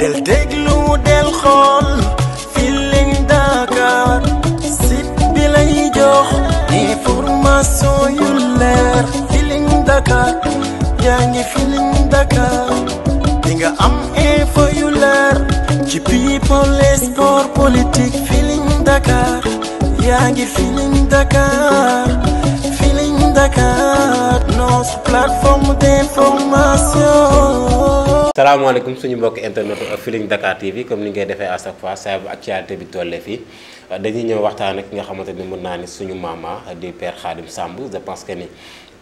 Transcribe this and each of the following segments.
del déglu del xool Feeling Dakar site bi jox information yu leer Feeling Dakar yaa ngi Dakar di am info yu ci people et sport politique Feeling Dakar yaa ngi Dakar Dakar notre suñu mbokk internet Feeling Dakar TV comme ni ngay defee à chaque fois saa bu actualité bi tollee fii dañuy ñëw waxtaan ak ki nga xamante ni mën naa ni suñu maama di Père Khadim Samb je pense que ni.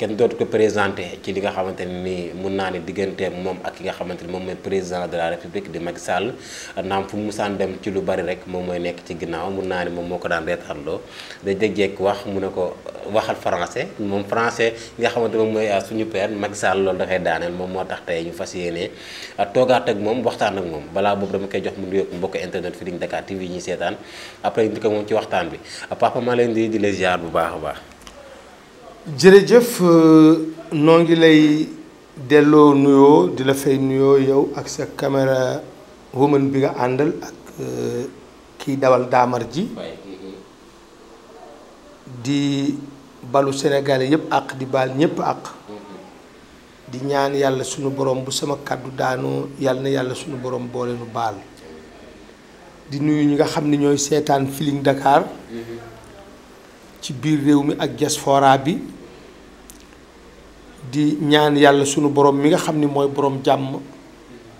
kenn dootu ko présenté ci li nga xamante ne ni mun naa ne digganteem moom ak ki nga xamante ni moom mooy président de la république di mag Sall naam fu mu dem ci lu bari rek moom mooy nekk ci ginnaaw mun naa ne moom moo ko daan reetaanloo da jékki-jékki wax mu ne ko waxal français moom français li nga xamante moom mooy ah, suñu père Macky Sall loolu dafay daaneel moom moo tax tey ñu fas yéenee ah, toogaat ak moom waxtaan ak moom balaa boobu dama koy jox mu nuyoog mbokk internet fi di Dakar TV ñuy seetaan après ñu ko moom waxtaan bi ah, papa maa leen di di les ziar bu baax a jërëjëf euh, noo ngi lay delloo nuyoo di la fay nuyoo yow ak sa caméra woman bi nga àndal ak euh, kiy dawal daamar ji di balu Sénégalais yëpp àq di baal ñëpp àq mm-hmm. di ñaan yàlla sunu borom bu sama kàddu daanoo yàlla na yàlla sunu borom boole nu baal di nuyu ñi nga xam ne ñooy seetaan Feeling Dakar mm-hmm. ci biir réew mi ak diaspora bi di ñaan yàlla sunu borom mi nga xam ni mooy boroom jàmm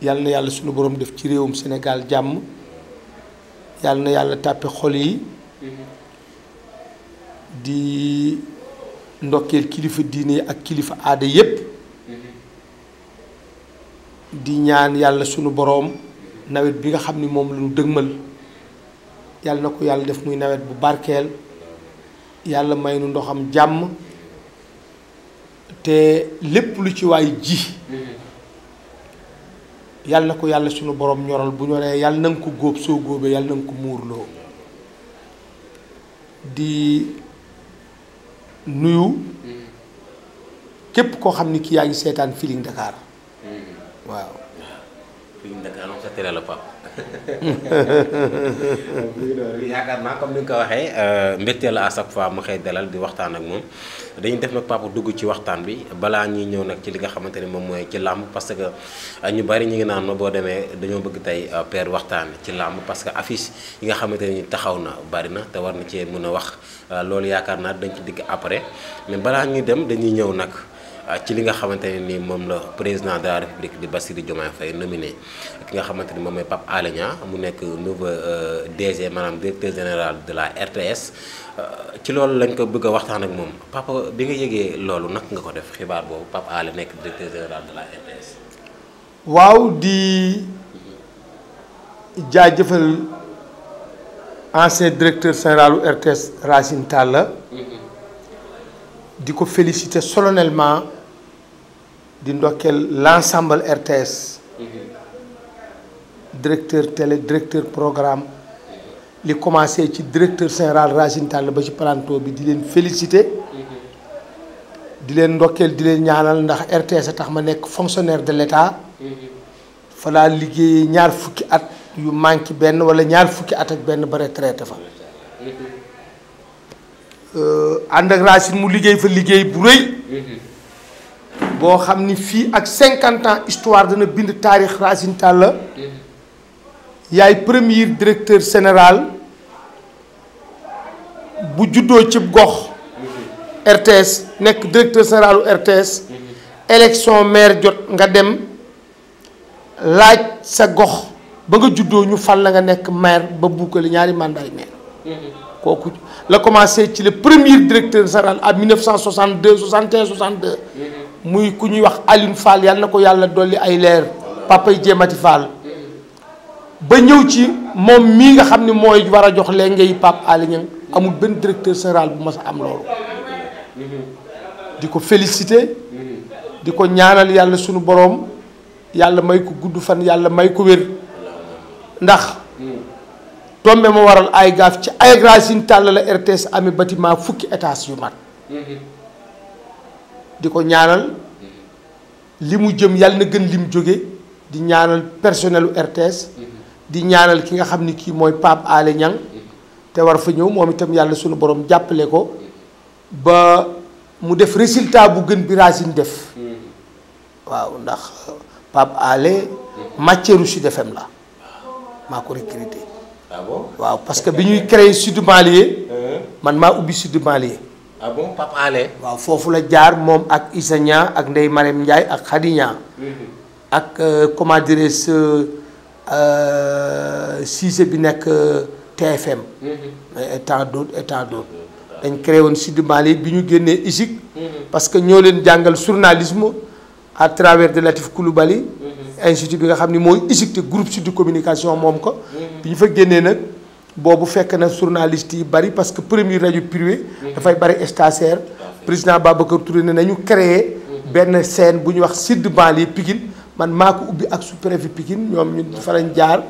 yàlla na yàlla sunu boroom def ci réewum Sénégal jàmm yàlla na yàlla tàppe xol yi di ndokkeel kilifa diine ak kilifa aada yépp di ñaan yàlla sunu boroom nawet bi nga xam ni moom la dëgmal yàlla na ko yàlla def muy nawet bu barkeel yàlla may nu ndoxam jàmm te lépp lu ci waay ji yàlla na ko yàlla sunu borom ñoral bu ñoree yàlla na nga ko góob soo góobee yàlla na nga ko muurloo di nuyu képp koo xam ni kii yaa ngi seetaan Feeling Dakar hmm. waaw. yaakaar naa comme ni nga ko waxee euh, mbégte la à chaque fois mu xëy delal bi waxtaan ak moom dañu def nag papa dugg ci waxtaan bi balaa ñuy ñëw nag ci li nga xamante ne moom mooy ci làmb parce que euh, ñu bari ñu ngi naan ma boo demee dañoo bëgg tey euh, père waxtaan ci làmb parce que affiche yi nga xamante ne taxaw na bari na te war na cee mën a wax loolu yaakaar naa dañ ci digg après mais balaa ñuy dem dañuy ñëw nag. Euh, ci li nga xamante ne ni moom la président de la république di Bassirou Diomaye Faye nominé ki nga xamante ni moom mooy Pape Alé Niang mu nekk nouveau euh, DG maanaam directeur général de la RTS euh, ci loolu lañ ko bëgg a waxtaan ak moom papa bi nga yëgee loolu nag nga ko def xibaar boobu Pape Alé nekk directeur général de la RTS. waaw di directeur général u RTS Racine Talla. Mm-hmm. di ko féliciter solennellement di ndokkeel l'ensemble RTS directeur télé directeur programme li commencé ci directeur général Racine Tall ba ci plateau bi di leen félicité di leen ndokkeel di leen ñaanal ndax RTS tax ma nekk fonctionnaire de l'État fa laa liggéeyee ñaar fukki at yu manqué benn wala ñaar fukki at ak benn ba retraité fa mm-hmm. euh, ànd ak Racine mu liggéey fa liggéey bu rëy mm-hmm. boo xam ni fii ak cinquante ans histoire dana bind taarix Racine la yaay premier directeur général bu juddoo ci gox RTS nekk directeur généralu RTS élection maire jot nga dem laaj sa gox ba nga juddoo ñu fal la nga nekk maire ba buukali ñaari mandat maire kooku la commencé ci le premier directeur général à 1962 61 62 muy ku ñuy wax Alioune Fall yàlla na ko yàlla dolli ay leer papay jéemati Fall ba ñëw ci moom mii nga xam ne mooy war a jox lee ngay Pape Alé amul benn directeur général bu mas a am loolu di ko félicité di ko ñaanal yàlla sunu boroom yàlla may ko gudd fan yàlla may ko wér ndax tombe ma waral ay gaaf ci ay racine tàll la RTS amee bâtiment fukki étage yu mat di ko ñaanal li mu jëm yàlla na gën lim jóge di ñaanal personnelu RTS di ñaanal ki nga xam ni kii mooy Pape Alé Niang te war fa ñëw moom itam yàlla suñu borom jàppale ko ba mu def résultat bu gën bi Racine def waaw ndax Pape Alé matière Sud FM la maa ko recruté. Ah waaw parce que bi ñuy créé Sud Malien euh. man maa ubbi Sud Malien ah bon Pape waaw foofu la jaar moom ak Issa Niang ak Ndeye Marème Ndiaye ak Khady Niang mhm. ak euh, comment dirais-je euh, Cissé bi nekk euh, TFM mhm. et tant d'autres et dañ créé woon Sud Mali bi ñu génnee ISIC mhm. parce que ñoo leen jàngal journalisme à travers de Latif Coulibaly institut bi nga xam ni mooy ISIC te groupe Sud communication moom ko bi ñu fa génnee nag boobu fekk na journaliste yi bari parce que premier rajo privé. dafay bari stagiaire. président Babacar Touré ne nañu créer benn scène bu ñuy wax sud banlieue Pikine man maa ko ubbi ak sous-préfet Pikine ñoom ñu fa jaar.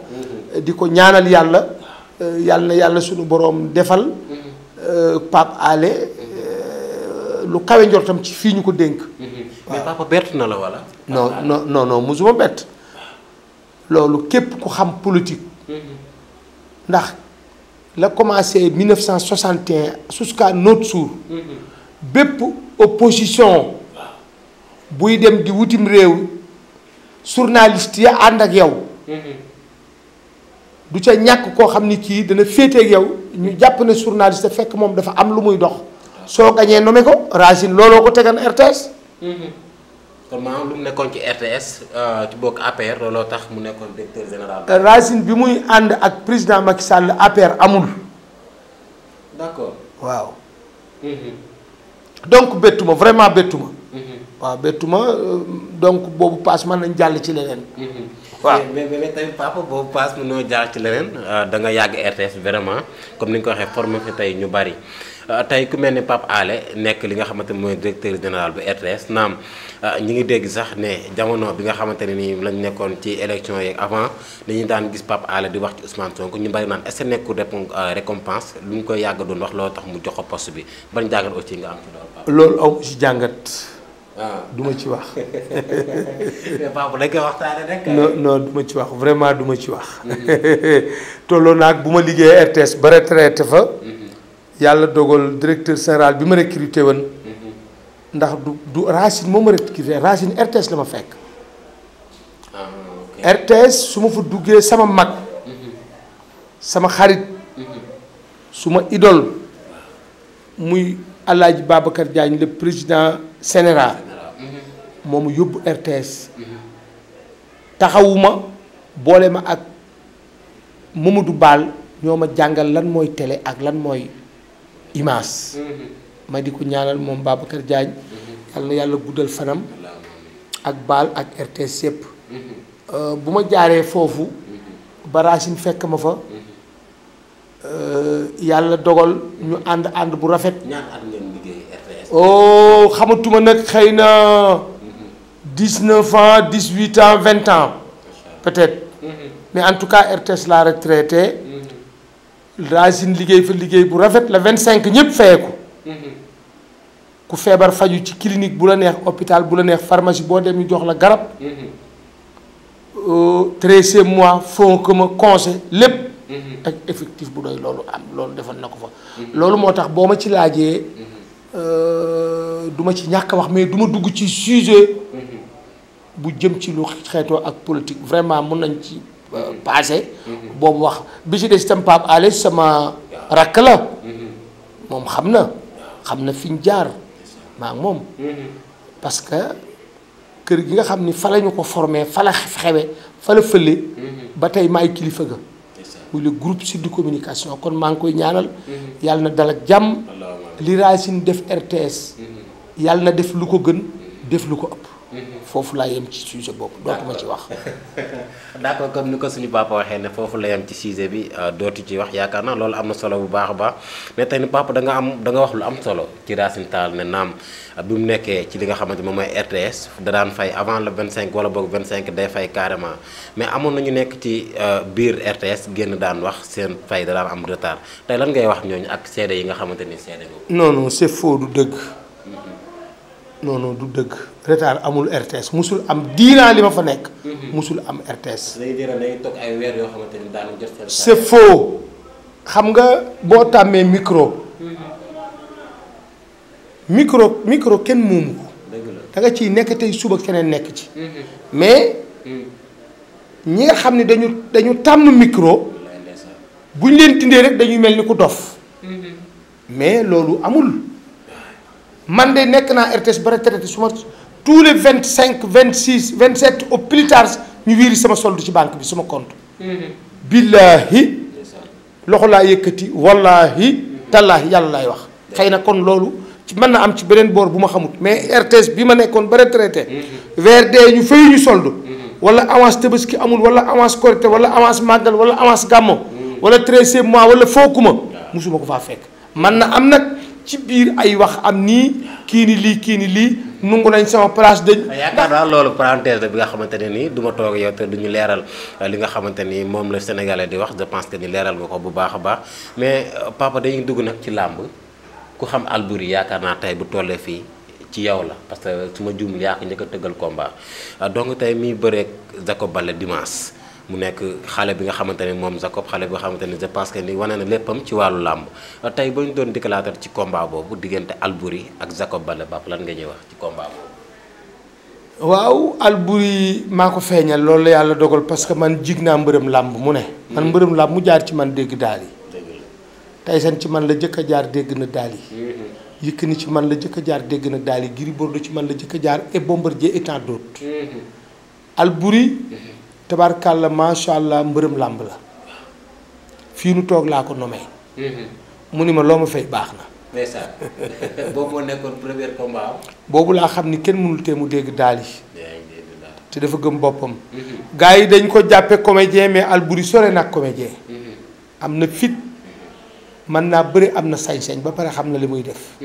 di ko ñaanal yàlla. Euh, yàlla na yàlla suñu boroom defal. Euh, Pape Alé euh, lu kawe njortam ci fii ñu ko dénk. mais papa bett na la wala. non musuma bett. loolu képp ku xam politique. ndax. la commencé 1961 jusqu'à notre jour bépp opposition buy dem di wutim réew journaliste ya ànd ak yow du ca ñàkk koo xam ni kii dana féeteeg yow ñu jàpp ne journaliste fekk moom dafa am lu muy dox soo gañee nommé ko Racine looloo ko tegan RTS kon maanaam lu mu nekkoon ci RTS euh, ci bokk APR looloo tax mu nekkoon directeur général. Racine bi muy ànd ak président Macky sàll APR amul. d'accord waaw. Mm-hmm. donc bettu ma vraiment bettu ma. Mm-hmm. waaw bettu ma euh, donc boobu paas man nañ jàll ci leneen. Mm-hmm. waa mais mais tamit papa boobu paas mënoo jaar ci leneen euh, da nga yàgg RTS vraiment comme ni nga ko waxee formé fi tey ñu bari. Euh, tey ku mel ni Pape Alé nekk li nga xamante ni mooy directeur général bu RTS naam euh, ñi ngi dégg sax ne jamono bi nga xamante ne nii lañ nekkoon ci élection yeeg avant dañuy daan gis Pape Alé di wax ci Ousmane Sonko ñu bari naan est-ce que nekkul euh, récompense lu ñu koy yàgg doon wax loolu tax mu jox ko poste bi ban jàngat aussi nga am ci loolu. loolu aw ci jàngat. Ah. duma ci wax. mais waxtaane rek. non non ci wax vraiment du ma ci wax. Mm-hmm. tolloo bu ma liggéey RTS ba retraité fa. Mm-hmm. yàlla dogal directeur général bi ma recruté woon mm-hmm. ndax du du Racine moo ma recruté Racine RTS la ma fekk. Ah, RTS su ma fa duggee sama mag. Mm-hmm. sama xarit. Mm-hmm. suma idole muy El Hadj Babacar Diagne président sénéral moom yóbbu RTS. taxawuma boole ma ak Mamadou Baal ñoo ma jàngal lan mooy tele ak lan mooy. Imaas. Mm-hmm. ma di ko ñaanal moom Babacar Diagne. Mm-hmm. yàlla na yàlla guddal fanam. ak Baal ak RTS yëpp. Mm-hmm. Euh, bu ma jaaree foofu. ba Racine fekk ma fa. Euh, yàlla dogal ñu ànd ànd bu rafet. ñaata at oh, xamatuma nag xëy na dix neuf ans dix huit ans vingt ans mais en RTS laa retraité. Racine liggéey fa liggéey bu rafet la vingt cinq ñëpp feyeku mhm. ku feebar faju ci clinique bu la neex hôpital bu la neex pharmacie boo dem ñu jox la garab mhm. euh, treize mois fonds commun conseil lépp mhm. ak effectif bu doy loolu am loolu defoon na ko fa loolu moo tax boo ma ci laajee euh, du ma ci ñàkk wax mais du ma dugg ci sujet bu jëm ci lu xeetoo ak politique vraiment mun nañ ci passé. boobu wax bi ci des itam Pape Alé sama rakk la. moom xam na. xam na fi ñu jaar. maa moom. parce que kër gi nga xam ni fa la ñu ko formé fa la xewe fa la fële. ba tey maay kilifa ga. muy le groupe Sud de Communication kon maa ngi koy ñaanal. yàlla na dal jàmm. li Racine def RTS. yàlla na def lu ko gën def lu ko ëpp. Mhm. foofu laa yem ci sujet boobu dootuma ci wax. d'accord comme ni ko suñu papa waxee ne foofu la yem ci sujet bi euh, dootu ci wax yaakaar naa loolu am na solo bu baax a baax ne tey ni papa danga am danga wax lu am solo ci Racine Tall ne naam euh, bi mu nekkee ci li nga xamante moom mooy RTS da daan fay avant vingt cinq wala boog cinq day fay carrément mais amoon na ñu nekk ci euh, biir RTS génn daan wax seen fay da daan am retard tey lan ngay wax ñooñu ak seede yi nga xamante ni seede non non du dëgg retard amul RTS mosul am diinaa li ma fa nekk. Mhm. musul am RTS. lay dira day toog ay weer yoo xamante ni daanu jot. c'est faux xam nga boo tàmmee micro. Mhm. micro micro kenn moomu ko. danga nga ciy nekk tey suba keneen nekk ci. Mhm. mais ñi nga xam ne dañu dañu tàmm micro. bu ñu leen dindee rek dañuy mel ni ku dof. mais loolu amul. man de nekk naa RTS ba traité su ma tous vingt cinq vingt six vingt sept au plus tard ñu wiiri sama solde ci banque bi sama compte. Mhm. billaahi loxo laa yëkkati wallaahi tallaahi yàlla laay wax. xëy na kon loolu ci mën na am ci beneen boor bu ma xamut mais RTS bi ma nekkoon ba retraité. Mhm. VRD ñu fay ñu solde. Mhm. wala avance ki amul wala avance korité wala avance màggal wala avance gàmmo. wala treize mois wala fookuma musuma ko faa fekk man na am ci biir ay wax am nii kii ni lii kii ni lii nungu nañ sama place dañ. Ah, yaakaar naa loolu parenthèse la bi nga xamante ne nii du ma toog yow te du leeral ah, li nga xamante ni moom la sénégalais di wax je pense que ni leeral nga ko bu baax a baax mais euh, papa dañuy dugg nag ci làmb ku xam Alboury yaakaar naa tey bu tollee fii ci yow la parce que su ma juumul yaa ko njëkk a tëggal combat ah, donc tey miy bëreeg Jacob Balla dimanche. mu nekk xale bi nga xamante ne moom Jacob xale bi nga xamante ne je pense que ni wane na léppam ci wàllu làmb tey ba ñu doon déclarer ci combat boobu diggante Albouri ak Jacob Balla Bâp lan nga ñuy wax ci combat boobu. waaw Albouri maa ko feeñal loolu la yàlla dogal parce que man jig naa mbërëm làmb mu ne. man mm-hmm. mbërëm làmb mu jaar ci man dégg daal yi. tey seen ci man la jëkk a jaar dégg na daal yi. Mm-hmm. Yékini ci man la jëkk jaar dégg na daal yi Gris Bordeaux ci man la jëkk a jaar et Bombardier et tant Albouri. tabarkàlla macha allah mbërëm làmb la fii nu toog laa ko nomee. Mm-hmm. mu ni ma loo ma fay baax na. ndeysaan boobu moo laa xam ni kenn mënul tee mu dégg daal yi. te dafa gëm boppam. Mm-hmm. gars yi dañ ko jàppee comédien mais Alboury sore nag comédien. Mm-hmm. am na fit mën naa bëri am na sañ-sañ ba pare xam na li muy def.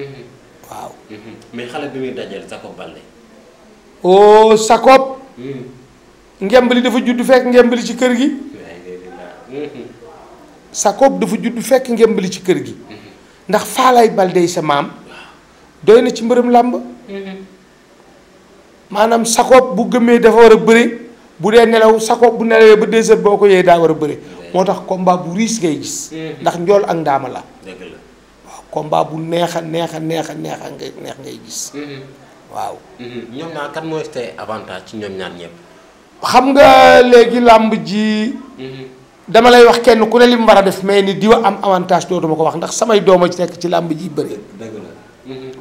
waaw. mais xale bi muy dajal Jacob Baldé. oh Jacob. Mm. ngemb li dafa juddu fekk ngemb ci kër gi Sakob dafa judd fekk ngemb ci kër gi ndax Faalaay Baldé sa maam doy na ci mbërëm làmb maanaam Sakob bu gëmmee dafa war a bëre bu dee nelaw Sakob bu nelawee ba deux boo ko yee daa war a bëre moo tax combat bu riis ngay gis ndax njool ak ndaama la waaw bu neex a neex a neex a neex a neex ngay gis waaw ñoom ñaar kan mooy tey avantage ci ñoom ñaar ñëpp xam nga léegi làmb ji mhm. dama lay wax kenn ku ne li mu war a def mais ni diwa am avantage dootuma ko wax ndax samay dooma ci nekk ci làmb ji bëri mhm.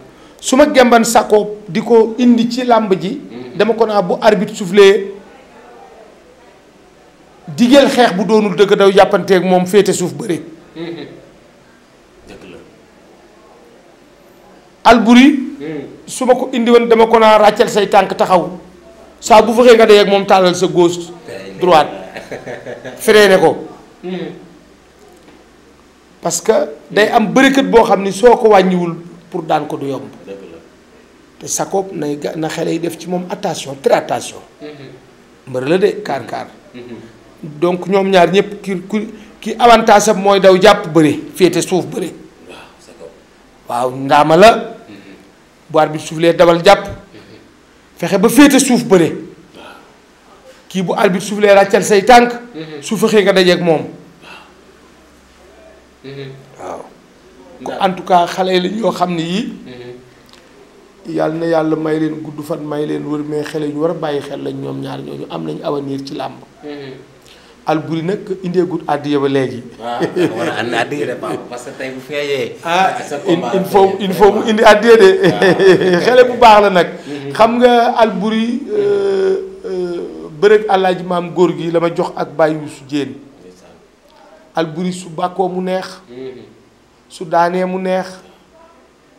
su ma gemban sàkkoo di ko indi ci làmb ji mhm. dama ko naa bu arbitre soufflé digeel xeex bu doonul dëgg daw jàppanteeg moom féete suuf bëri alburi su ma ko indi woon dama ko naa ràccal say tànk taxaw saa bu fexee nga dee ak moom tàllal sa gauche droite freiné ko parce que day am bërëkët boo xam ni soo ko wàññiwul pour daan ko du yomb te Sakko nay na xale yi def ci moom attention très attention mbër de kaar kaar donc ñoom ñaar ñëpp ki ku ki avantage am mooy daw jàpp bëre féete suuf bëre waaw ndaama la mm-hmm. bu arbitre bi soufflé dawal jàpp fexe ba féete suuf bëre kii bu arbitre suuf lee ràccal say tànk mhm. su fexee nga dajeeg moom mhm. waaw ko en tout cas xale yoo xam ne yii mhm. yàlla na yàlla may leen gudd fan may leen wër mais xale ñu war a bàyyi xel lañ ñoom ñaar ñooñu am nañ avenir ci làmb Alboury nag indeegut àddiya ba léegi. parce que tey bu feeyee. Ah, mu indi àddiya de xele bu baax la nag. Mm-hmm. xam nga Alboury euh, euh, bërëg alaaji maam góor gi la ma jox ak Baye su Diène. Alboury su bàkkoo mu neex. Mm-hmm. su daanee mu neex.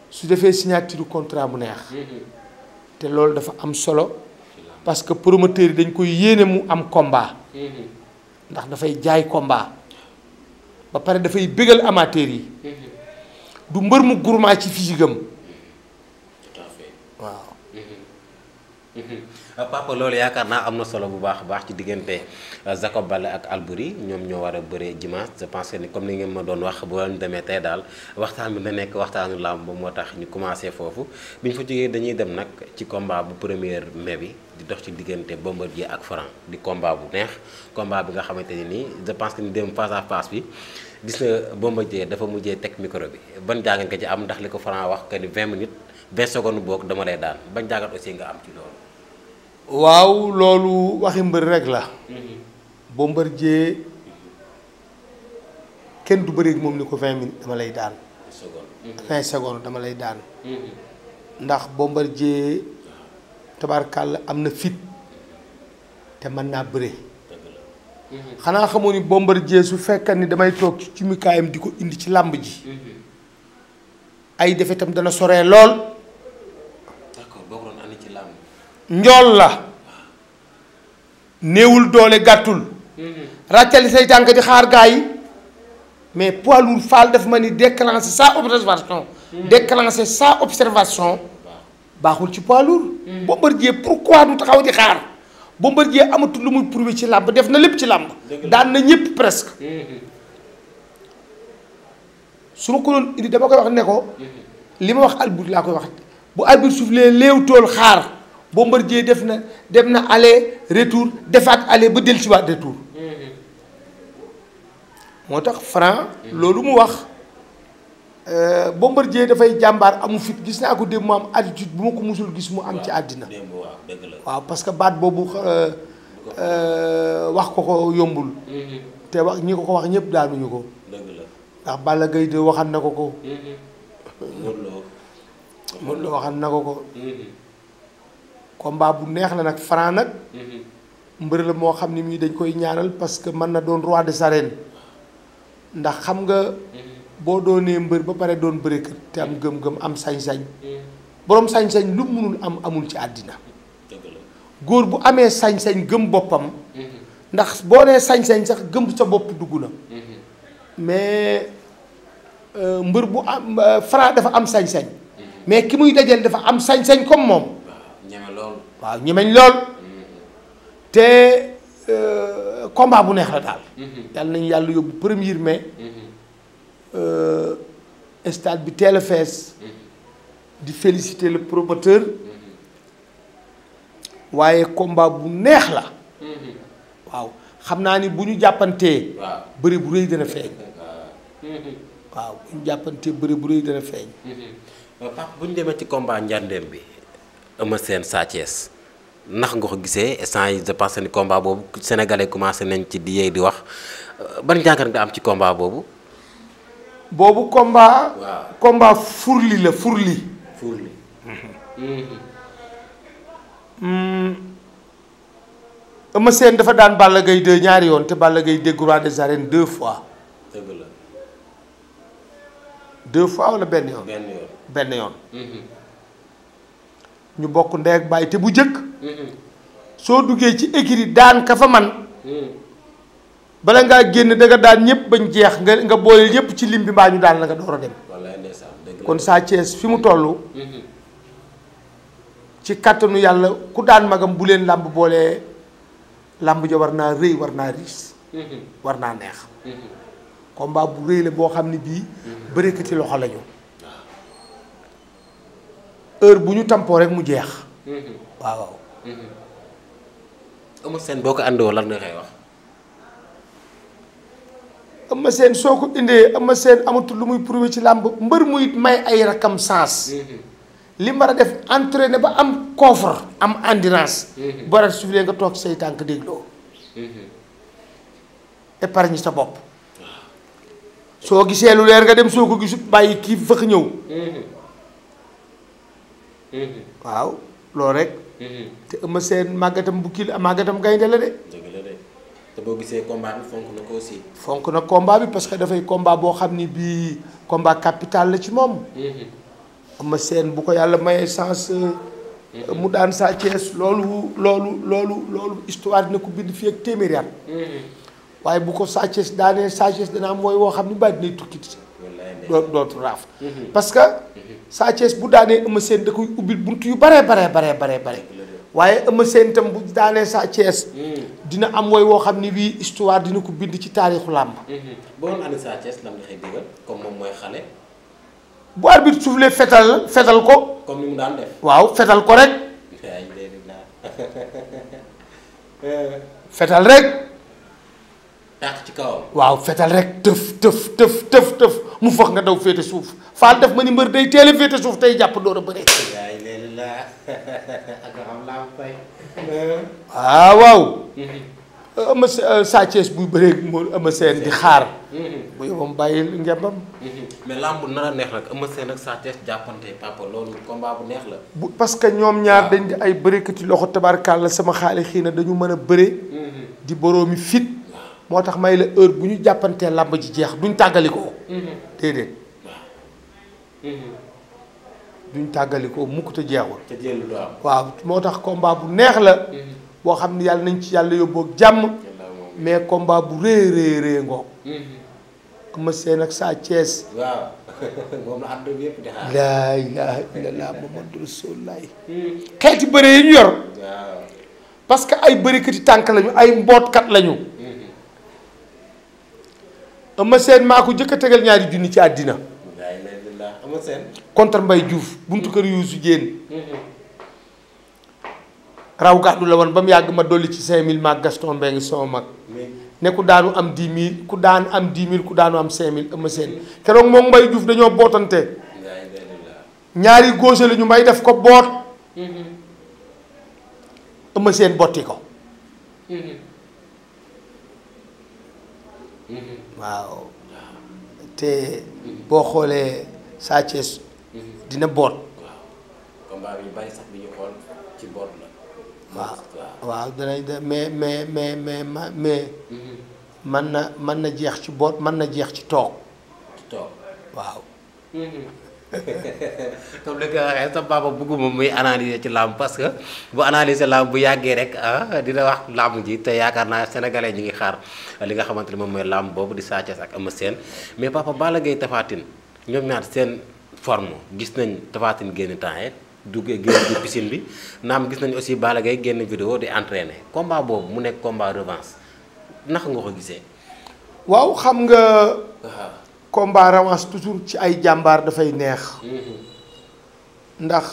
su defee signature contrat mu neex. Mm-hmm. te loolu dafa am solo. parce que promoteur yi dañ koy yéene mu am combat. ndax dafay jaay komba ba pare dafay bégal amateur yi du mbër mu gourmand ci physique am waaw mhm. Mhm. Euh, papa loolu yaakaar naa am na solo bu baax baax ci diggante euh, Jacob Baldé ak Albouri ñoom ñoo war a bëree dimanche je pense que ni comme ni ngeen ma doon wax boo leen demee tey daal waxtaan bi na nekk waxtaanu làmb moo tax ñu commencé foofu bi ñu fa jógee dañuy dem nag ci combat bu premier mai bi di dox ci diggante jee ak Franc di combat bu neex combat bi nga xamante ne nii je pense que ni dem face à face bi gis na Bombardier dafa mujjee teg micro bi ban jàngat nga ci am ndax li ko Franc wax que ni 20 minutes 20 dama lay daan ban jàngat aussi nga am ci loolu. waaw loolu waxi mbër rek la mhm. Bombardier kenn du bëreeg moom ni ko vingt minutes dama lay daan vingt secondes mhm. dama lay daan mhm. ndax Bombardier tabarkàlla am na fit te mën naa bëre xanaa xamoo ni Bombardier su fekkee ni damay toog ci cumikaayam di ko indi ci làmb ji ay defe dana soree lool njool la néewul doole gàttul mm-hmm. ràccali say tànk di xaar gaa yi mais poids lourd faal daf ma ni déclencher sa observation mm-hmm. déclencher sa observation baaxul ci poids lourd mm-hmm. Bombardier pourquoi mu taxaw di xaar Bombardier amatul lu muy prouver ci làmb def na lépp ci làmb daan na ñëpp presque su ma ko doon indi dama koy wax ne li ma wax albir laa koy wax bu albir suuf lee léew xaar Bombardier def na dem na ale retour defaat aller ba dellusiwaat retour moo tax Franc loolu mu wax euh, Bombardier dafay jàmbaar amu fit gis naa ko démb mu am attitude bu ma ko musul gis mu am ci àddina waaw parce que baat boobu euh, wax ko ko yombul te wax ñi ko ko wax ñëpp daanuñu ko ndax Balla Gaye de waxan na ko ko Modou Lo waxan na ko ko combat bu neex la nag Franc nag. Mhm. mbër la moo xam ni mii dañ koy ñaanal parce que mën na doon roi des arènes ndax xam nga. Mhm. boo doonee mbër ba pare doon bëre kër te am gëm-gëm am sañ-sañ. Mhm. borom sañ-sañ lu munul am amul ci àddina. góor bu amee sañ-sañ gëm boppam. ndax boo nee sañ-sañ sax gëm sa bopp dugg na. mais euh, mbër bu am euh, Franc dafa am sañ-sañ. mais ki muy dajale dafa am sañ-sañ comme moom. waaw ñemeñ lool te euh, combat bu neex la daal. Mhm. yàlla nañu yàlla yóbbu premier mais mhm. euh, stade bi teel a fees. Mhm. di féliciter le promoteur. waaye combat bu neex la. waaw xam naa ni bu ñu jàppantee. bëri bu rëy dana feeñ. waaw bu ñu jàppantee bëri bu rëy dana feeñ. Euh, bu ñu demee ci combat njàndeem bi. Eumeu seen Sa nax nga ko gisee instant yi je pense ni combat boobu sénégalais commencé nañ ci di yeey di wax ban jàngat nga am ci combat boobu. boobu combat. waaw combat furli la furli. furli. Hmm. Hmm. Eumeu dafa daan Balla gay 2 ñaari yoon te Balla gay dégg roi de arènes deux fois. dëgg la. deux fois wala benn yoon benn yoon. Hmm. ñu bokk ndey ak baay te bu jëkk soo duggee ci écurie daan ka fa man mm. bala ngaa génn da nga daan ñëpp bañ jeex nga nga booleel ñëpp ci lim bi mbaa ñu daan la nga door a dem kon Sa Thiès fi mu toll ci kàttanu yàlla ku daan magam bu leen làmb boolee làmb ja war naa rëy war naa riis war naa neex komba bu rëy la boo xam ni bii bërekkati loxo lañu heure bu ñu tampoo rek mu jeex. Mm-hmm. waaw waaw. Mm-hmm. Eumeu Sène boo ko àndoo la nga koy wax. Eumeu seen soo ko indee Eumeu seen amatul lu muy prouvé ci làmb mbër muy may ay rakam sens. Mm-hmm. li mën a def entre entraîné ba am coffre am endurance. bara suuflee nga toog say tànk dégloo. épargne sa bopp. Ah. soo gisee lu leer nga dem soo ko gisul bàyyi kii fëkk ñëw. Mm-hmm. waaw loolu rek. Mm-hmm. te Eumeu Sène màggatam bu kii màggatam gaynde la de. te boo gisee combat fonk na ko aussi. fonk na combat bi parce que dafay combat boo xam ni bii combat capital la ci moom. Mm-hmm. Eumeu seen bu ko yàlla may chance. mu daan Sa Thiès loolu loolu loolu loolu histoire dina ko bind fi ak téeméeri at. waaye bu ko Sa Thiès daanee Sa Thiès am mooy woo xam ni bàyyi dinay tukki. doo dootu raaf parce que Sa Thiès bu daanee Eumeu Sène da koy ubbil bunt yu baree baree baree baree bare waaye Eumeu Sène bu daanee Sa Thiès dina am woy woo xam ni bii histoire dina ko bind ci taarixu làmb ba woon andi Sa Thiès comme mooy xale bu arbitre soufflé fetal fetal ko comme ni mu daan waaw fetal ko rek fetal ci kawam. waaw fetal rek tëf tëf tëf tëf tëf mu foog nga daw féete suuf faal def ma ni mbër day teel a féete suuf tey jàpp door a bëree. Ah, waaw waaw. Mhm. ama euh, Sa Thiès buy bëree mu ama seen di xaar. Mhm. bu yobam bàyyi ngembam. Mhm. mais lamb neex nag ama seen ak Sa parce que ñoom ñaar dañ di ay bëreekati loxo tabarkaal la sama xaalis xii na dañu mën a bëre. di boroomi fit. moo tax may la heure bu ñu jàppantee làmb ji jeex duñ tàggalikoo mm-hmm. déedéet mm-hmm. duñ tàggalikoo mukk te jeexul waaw moo tax combat bu neex la mm-hmm. boo xam ne yàlla nañ ci yàlla yóbboog jàmm mais combat bu rëy rëy rëy ngoog ama seen ak saa Thiès waaw moom laa ilaha illallah Muhammadu rasulullah xeeti bëre yi ñu yor parce que ay bërikati tànk lañu ay mbootkat lañu Eumeu Sène maa ko jëkk tegal ñaari junni ci àddina contre Mbaye Diouf buntu kër Youssou Diène raw gàddu la woon ba mu yàgg ma dolli ci 5000 maag Gaston Mbengue soo mag ne ku daanu am 10000 ku daan am 10000 ku daanu am 5000 Eumeu Sène keroog moom Mbaye Diouf dañoo bootante ñaari gauche la ñu may def ko boot mhm. Eumeu Sène botti ko. Mhm. Mhm. waaw te boo xoolee Sa Thiès mm-hmm. dina boot. waaw combat yu bari ñu xool ci boot la. waaw waaw de mais mais mais mais mais man mm-hmm. na man na jeex ci boot man na jeex ci toog. ci toog waaw. Mm-hmm. comme li nga waxee sa papa bëgguma muy analyser ci làmb parce que bu analyser làmb bu yàggee rek ah dina wax làmb ji te yaakaar naa sénégalais ñu ngi xaar li nga xamante ne moom mooy làmb boobu di Sa Thiès ak Eumeu seen mais papa Balla Gaye Tapha Tine ñoom ñaar seen forme gis nañ Tapha génn temps duggee génn ci piscine bi naam gis nañ aussi Balla Gaye génn vidéo di entraîner combat boobu mu nekk combat revanche naka nga ko gisee. waaw xam nga. Ah. combat revanche toujours ci ay jàmbaar dafay neex mm-hmm. ndax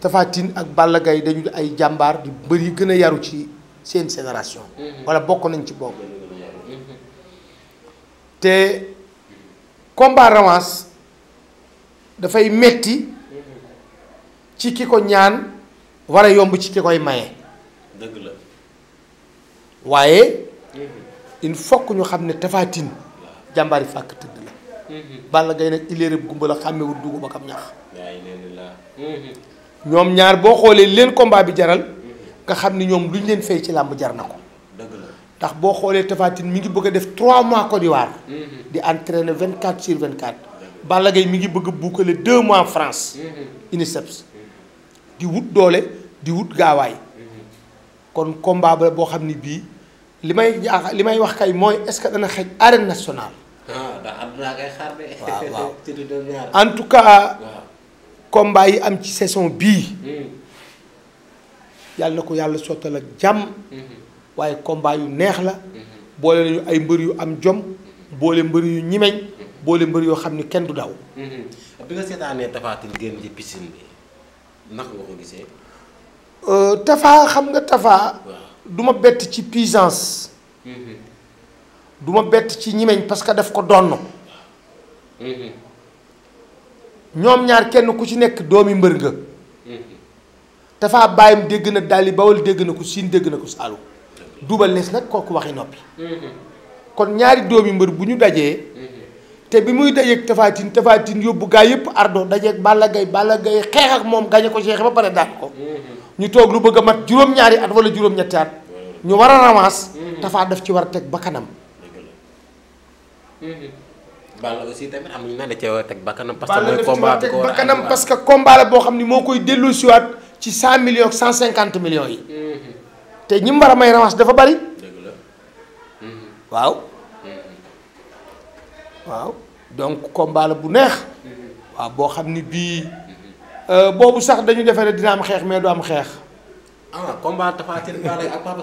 Tapha ak Balla Gaye dañu ay jàmbaar di mbër gën a yaru ci seen génération mm-hmm. walla bokk nañ ci bokk mm-hmm. te combat revanche dafay metti ci ki ko ñaan war a yomb ci ki koy maye dëgg la waaye il faut que ñu xam ne Tapha jàmbaari fàkk tëdd la mm-hmm. Balla gay nag iléerab gumba la xàmmewul dugub ba am ñax mm-hmm. ñoom ñaar boo xoolee leen combat bi jaral nga xam ni ñoom luñ leen fay ci làmb jar na ko ndax boo xoolee Tapha Tine mi ngi bëgg a def 3 mois Côte d'Ivoire mm-hmm. di entraîner 24 sur 24 Balla Gaye mi ngi bëgg a boucler mois France INSEPS di wut doole di wut gaawaay kon combat ba boo xam ni bii li may jaax li may wax kay mooy est-ce que dana xëj arène national ndax ah, àdduna en tout cas. waaw combat yi am ci saison bii. Hmm. yàlla na ko yàlla sottal ak jàmm. Hmm. waaye combat yu neex la. Hmm. boole nañu ay mbër yu am jom. boole mbër yu ñimeñ. boole mbër yoo xam ni kenn du daw. bi nga seetaanee Tapha Tine génn ci piscine bi euh, xam nga Tapha. duma bett ci puissance. du ma bett ci ñimeñ parce que daf ko donn ñoom ñaar kenn ku ci nekk doomi mbër nga dafa bàyyam dégg na daal di bawal dégg na ko siin dégg na ko saalum duba lees nag kooku waxi noppi kon ñaari doomi mbër bu ñu dajee te bi muy dajeeg tafaatin tafaatin yóbbu gaa yëpp ardo dajeeg Balla gay Balla gay xeex ak moom gañe ko seexe ba pare daan ko ñu toog lu bëgg a mat juróom-ñaari at wala juróom-ñetti at ñu war a ramas tafaa def ci war a teg ba kanam Balla aussi tamit am nañu naan da teg bakkanam. parce que mooy combat bi ko que combat la boo xam ni moo koy dellusiwaat ci cent millions ak cent cinquante millions yi. te ñi mu war may revanche dafa bari. dëgg la waaw. waaw donc combat bu neex. waaw boo xam ni bii euh, boobu sax dañu defee ne dina am xeex mais du am xeex. ah combat Tapha Tine Balla ak Papa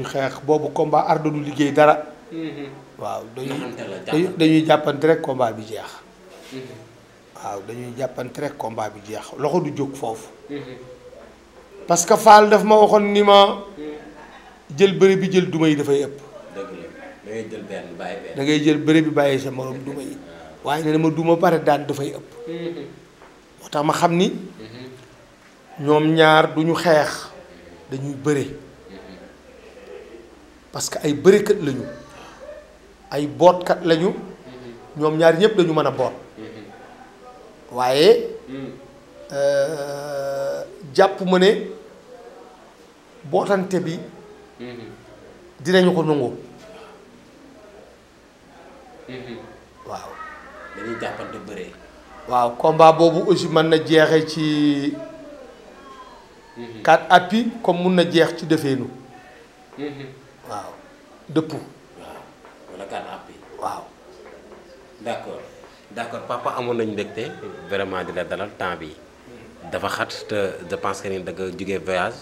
xeex boobu combat ardo du liggéey dara. Mm-hmm. waaw dañuy dañuy jàppante rek combat bi jeex. Mm-hmm. waaw dañuy jàppante rek combat bi jeex loxo du jóg foofu. Mm-hmm. parce que Fall daf ma waxoon ni ma. jël bëre bi jël duma yi dafay ëpp. da ngay jël benn bi bàyyi sa morom duma yi. Ah. waaye nee na ma duma pare daan dafay ëpp. moo tax ma xam ni. ñoom ñaar duñu xeex dañuy bëre parce que ay bërekat lañu ay bootkat lañu ñoom ñaar ñëpp dañu mën a boot waaye euh, jàpp ma ne bootante bi dinañu ko nangu waaw dañuy waaw combat boobu aussi mën na jeexe ci Mhm. quatre appuis comme mun na jeex ci defeenu mhm. waaw dëpp. waaw wala quatre appuis. waaw. d' accord d' papa amoon nañu mbégte vraiment di la dalal temps bi mhm. dafa xat te je pense que ni da nga voyage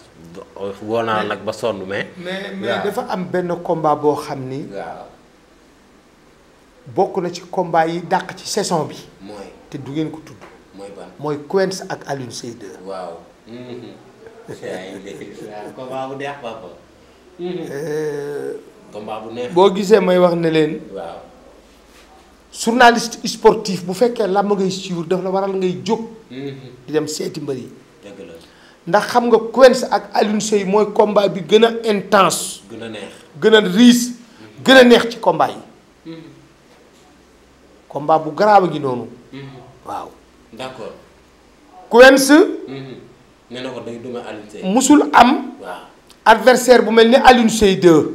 woo naa nag ba sonn mais. mais dafa am benn combat boo xam ni. bokk na ci combat yi dàq ci saison bi. mooy te du ngeen ko tudd. mooy ban mooy Quench ak Alioune Seye combat bu neex papa. combat bu neex. boo gisee may wax ne leen. waaw. journaliste sportif bu fekkee làmb ngay suivre daf la waral ngay jóg. Mhm. di dem seeti mbër ndax xam nga Quench ak Alioune Seye mooy combat bi gën a intense. gën a neex gën a riche. Mhm. gën a neex ci combat yi. Mhm. combat bu garaaw gi nee na duma Alioune Seye am. adversaire bu mel ni Alioune Seye 2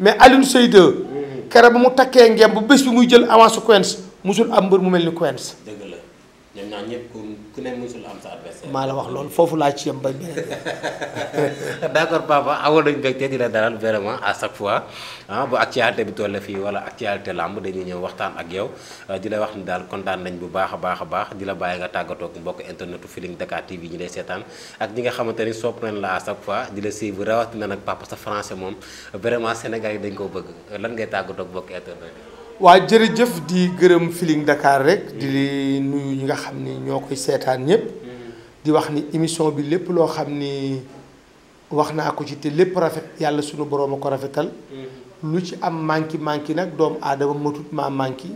mais Alioune Seye 2. Mhm. keroog bu mu takkee ngeem bu bés bi muy jël avance su Quench am mbër mu mel ni Quench. dëgg la ku maa la wax loolu foofu laa ci yem ba beneen d' accord papa awoon nañu mbégte di la dalal vraiment à chaque fois ah bu actualité bi toll fii wala actualité làmb dañuy ñëw waxtaan ak yow ah, di la wax ni daal kontaan nañ bu baax a baax a baax di la bàyyi nga tàggatoo ak mbokk internetu Feeling Dakar TV ñu lay seetaan ak ñi nga xamante ni sopp nañ la à chaque fois di la suivre rawatina nag papa sa français moom vraiment Sénégal yi dañ koo bëgg lan ngay tàggatoo ak mbokk waa jërëjëf di gërëm Feeling Dakar rek di mm-hmm. li nuyu ñi nga xam ni ñoo koy seetaan ñëpp mm-hmm. di wax ni émission bi lépp loo xam ni wax naa ko ci te lépp rafet yàlla sunu borom ko rafetal mm-hmm. ci am manqué manqué nag doomu aadama matut maa manqué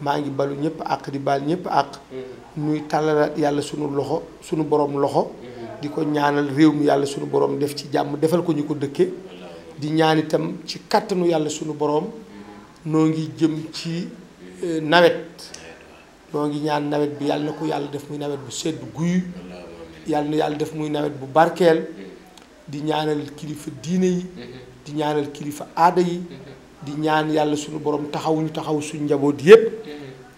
maa ngi balu ñëpp àq di bal ñëpp àq ñuy tàllalaat yàlla sunu loxo sunu borom loxo di ko ñaanal réew mi yàlla sunu borom def ci jàmm defal ko ñu ko dëkke di ñaan itam ci kattanu yàlla sunu borom noo ngi jëm ci eh, nawet noo ngi ñaan nawet bi yàlla na ko yàlla def muy nawet bu sedd guy yàlla na yàlla def muy nawet bu barkeel di ñaanal kilifa diine yi di ñaanal kilifa aada yi di ñaan yàlla suñu borom taxawuñu taxaw suñu njaboot yépp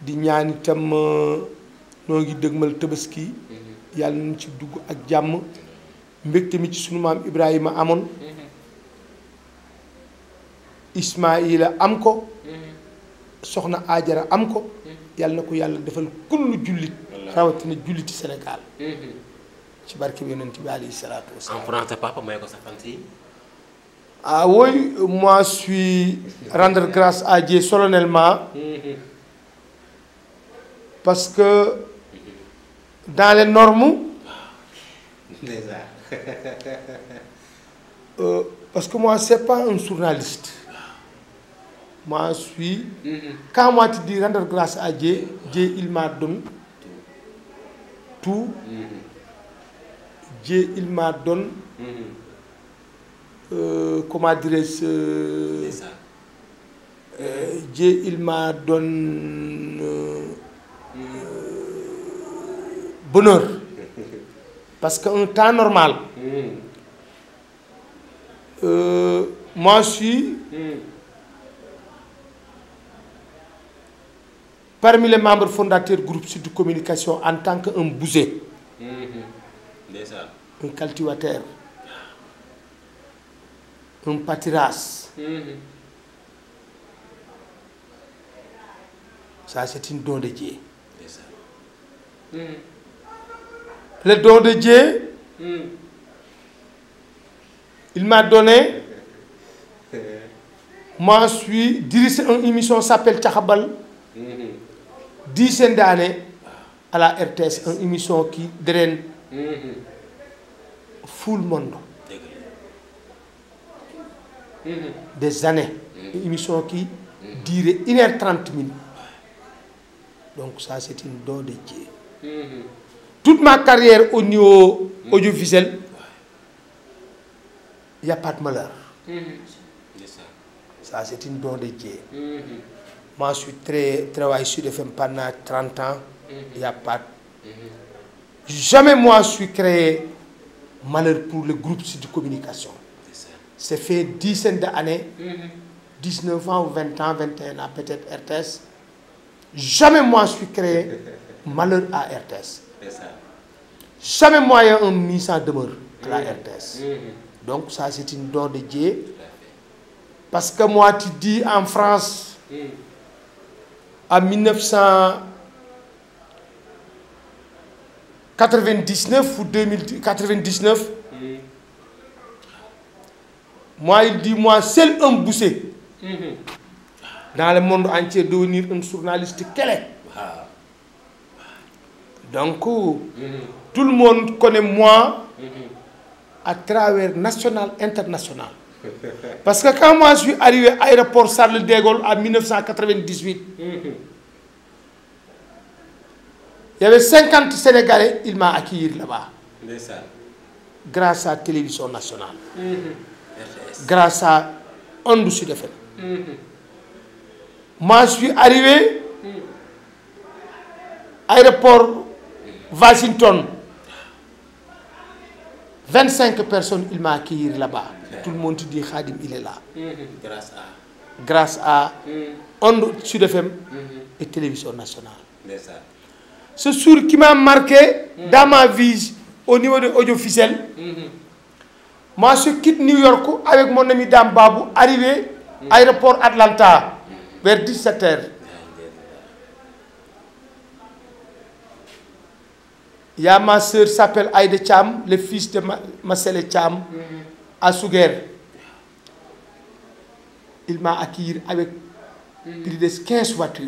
di ñaan itam eh, noo ngi dëgmal tabaski yàlla nañ ci dugg ak jàmm mbégte mi ci sunu maam Ibrahima amoon Ismaayila am ko mm-hmm. soxna Aajara am ko mm-hmm. yàlla na ko yàlla defal kullu jullit rawatina julliti Sénégal mm-hmm. ci barke bi yonent bi alayhi salaatu ko sa si ah oui moi suis rendre grâce à Dieu parce que dans les normes déjà euh, parce que moi c'est pas un journaliste Moi, je suis. Quand moi, tu dis rendre grâce à Dieu, Dieu, il m'a donné tout. Mm-hmm. Mm-hmm. Euh, euh, Dieu, il m'a donné. Euh, comment mm-hmm. dirais-je euh, euh, Dieu, il m'a Parce qu'un temps normal, euh, moi, je suis. parmi les membres fondateurs groupe Sud Communication en tant qu'un bousé mm-hmm. un cultivateur un patiras mm-hmm. ça c'est une don de Dieu mm-hmm. le don de Dieu il m'a donné moi je suis dirigé émission s'appelle Caxabal dizaine d'années à la RTS une émission qui draine mm-hmm. full monde mm-hmm. Mm-hmm. des années une émission qui durait une trente minutes donc ça c'est une dose de Dieu toute ma carrière au niveau audiovisuel il n'y a pas de malheur Moi, je suis très, travaille sur des femmes pendant 30 ans. Mhm. Il n'y a pas. Mhm. Jamais moi, je suis créé malheur pour le groupe de communication. C'est fait dizaines d'années, 19 mhm. ans ou 20 ans, 21 ans, peut-être RTS. Jamais moi, je suis créé malheur à RTS. Jamais moi, il un mis en demeure à la Donc, ça, c'est une don de Dieu. Parce que moi, tu dis en France, en 1999 ou 2099, mmh. Hmm. moi, il dit, moi, seul un boussé mmh. dans le monde entier devenir un journaliste quel est. Donc, hmm. tout le monde connaît moi hmm. à travers national, international. Parce que quand moi je suis arrivé à l'aéroport Charles de Gaulle en 1998, mmh. il y avait 50 Sénégalais, il m'a accueilli là télévision nationale. Mmh. Grâce à Sud mmh. Moi je suis arrivé mhm. à Washington. 25 personnes, il m'a accueilli là-bas. Tout le monde dit Khadim, il est là. Grâce à. Grâce mm. Sud FM mm-hmm. et Télévision Nationale. Ce sourd qui m'a marqué mm. dans ma au niveau de l'audiovisuel, moi mm-hmm. je quitte New York avec mon ami Dame Babou, arrivé à mm. Atlanta mm-hmm. vers 17 y a ma sœur s'appelle Aïda Thiam le fils de Massélé Thiam mm-hmm. à Souguer il m'a accueilli avec mm-hmm. plus de quinze voitures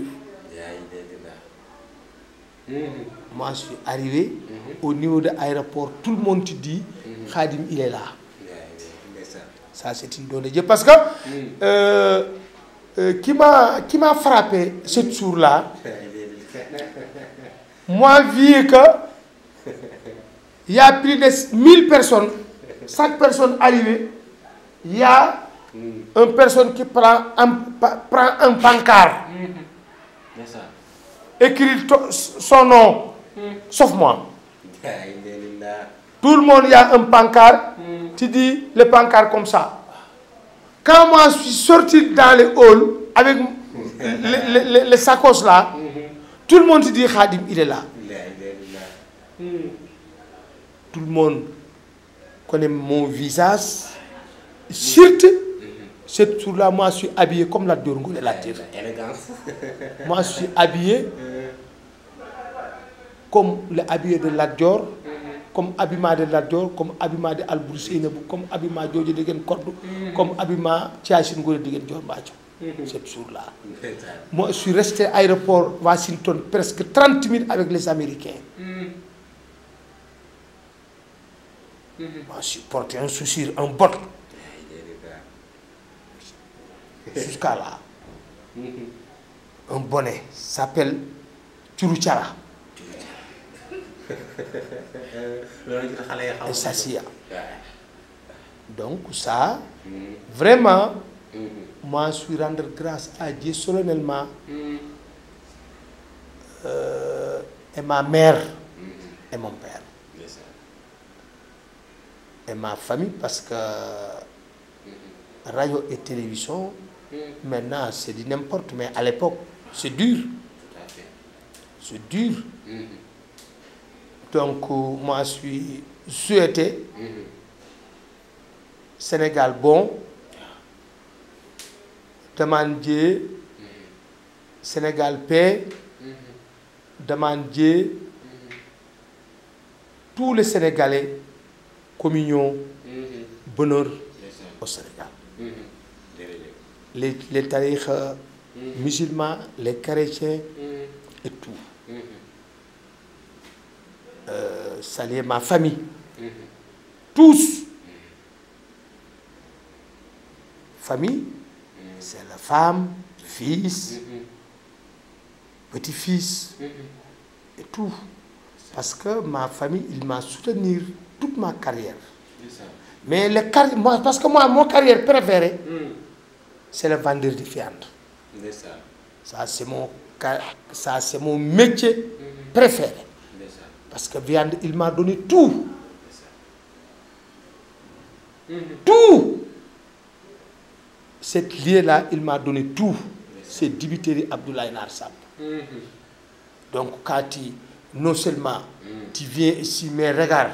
mm-hmm. moi suis arrivé au niveau de l'aéroport tout le monde te dit Khadim il est là ça c'est une parce que mm. euh, euh m'a qui m'a frappé ce jour la moi vu que y a plus de 1000 personnes chaque personne arrivée y a une personne qui prend un prend écrit son nom sauf moi tout le monde y a un pancart tu dis le pancart comme ça quand moi je suis sorti dans les halls avec les les les sacoches là mhm. tout le monde te dit Khadim il est tout le monde connaît mon visage surtout cette moi suis habillé comme la Dior Ngoné Latyr moi je suis habillé comme le habillé de Lat Dior comme habillement de Lat Dior comme habillement de Alboury Seynabou comme habillement Diodji Déguène Kordou mm. comme habillement Thiassine Ngoné Déguène Dior Mbathio mm-hmm. cette jour-là moi suis resté aéroport Washington presque trente mille avec les Américains mm. ma supporté un souci un bot. jusqu'à là. Mm-hmm. un bonnet s'appelle curucara. et sasia donc ça mm-hmm. vraiment mm-hmm. moi suis rendre grâce à Dieu solennellement euh, ma mère et mon père et ma famille parce que radio et télévision, mm-hmm. maintenant c'est du n'importe, mais à l'époque c'est dur. C'est dur. Mm-hmm. Donc euh, moi je suis souhaité mm-hmm. Sénégal bon, demande Dieu, Sénégal paix, demande Dieu, tous les Sénégalais communion mm-hmm. bonheur au Sénégal mm-hmm. les les tarixa mm-hmm. musulmans les chrétiens et tout euh, ma famille tous famille c'est la femme fils petit-fils et tout parce que ma famille il m'a soutenir toute ma carrière. Mais le car... parce que moi, mon carrière préférée, hmm. c'est le vendeur viande. c'est mon, ça, c'est mon métier hmm. préféré. Parce que viande, il m'a donné tout. Hmm. Tout. Cette liée-là, il m'a donné tout. C'est Dibiteri Abdoulaye Narsab. Donc, quand non seulement tu viens ici, mais regarde.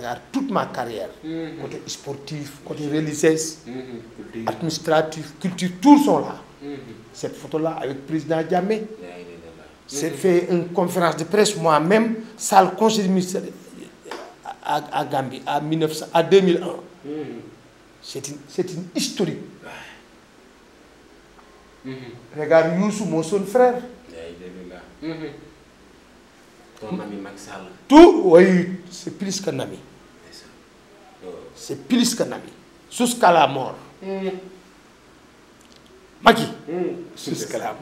Dakar toute ma carrière. Mmh. sportif côté religieuse. Mmh. administratif culture tout sont là. Mm-hmm. cette photo là avec président Diamé. Mm-hmm. c'est fait une conférence de presse moi-même salle conseil ministère à à Gambie à 1900 à 2001. Mm-hmm. c'est une c'est une historique. frère. Ton ami Macky Sall. tout oui c'est c'est plus qu'un ami, jusqu'à la mort. Mmh. Hmm. Macky. bisimilah.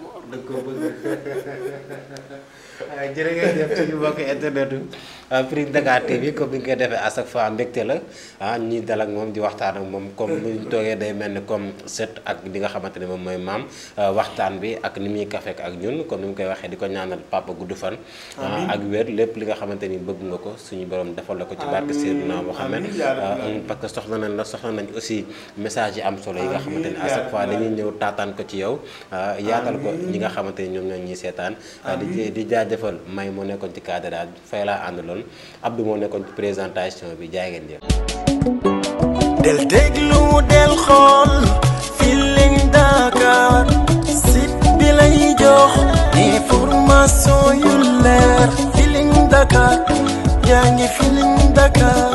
jërë ngeen jëf ci ñu mbokk internet Feeling ah, Dakar TV comme ni koy defee à chaque fois mbégte la ah ñuy dal ak moom di waxtaan ak moom comme toogee day mel ni comme set ak li nga xamante ne moom mooy maam ah, waxtaan bi ak ni muy kafeek ak ñun comme ni mu koy waxee di ko ñaanal papa gudd fan. Ah, ak wér lépp li nga xamante ni bëgg nga ko suñu boroom defal la ko ci barke Seydina Mohamed. parce que soxla nañ la soxla nañ aussi message yi am solo yi nga xamante ni à chaque fois dañuy ko ci yow ah, yaatal ko ñi nga xamante ni ñoom ñoo ñuy seetaan ah, di di jaajëfal may moo nekkoon ci cadre daal fay laa àndaloon Abdou moo nekkoon ci présentation bi jaay ngeen jëf del déglu del xool Feeling Dakar site bi lay jox information yu leer Feeling Dakar yaa ngi Feeling Dakar